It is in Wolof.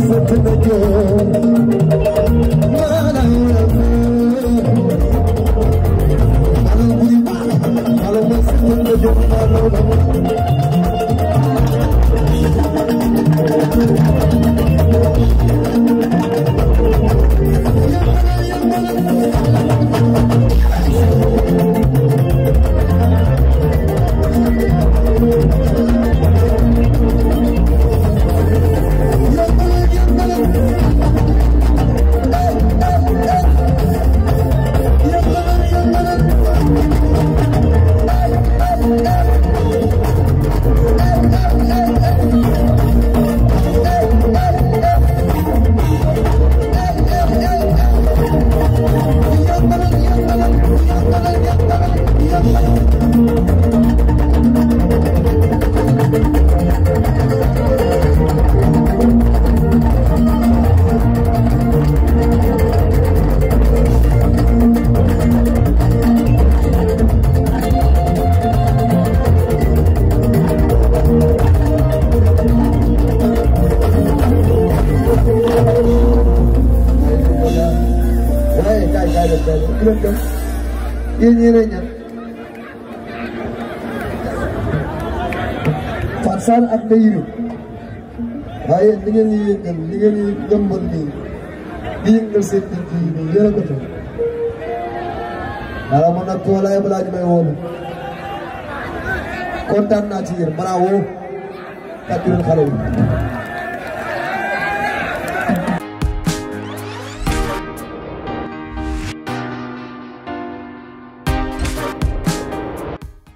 fekk na daal di leen dem yéen ñii lay ñaan. Fatou ak Ndeye Yirou waaye li ngeen di yëngal li ngeen di di yëngal yi nii yéen a ko taw. voilà man nag toolaay balaa ñu may woo kontaan naa ci yéen bravo kàddu xale yi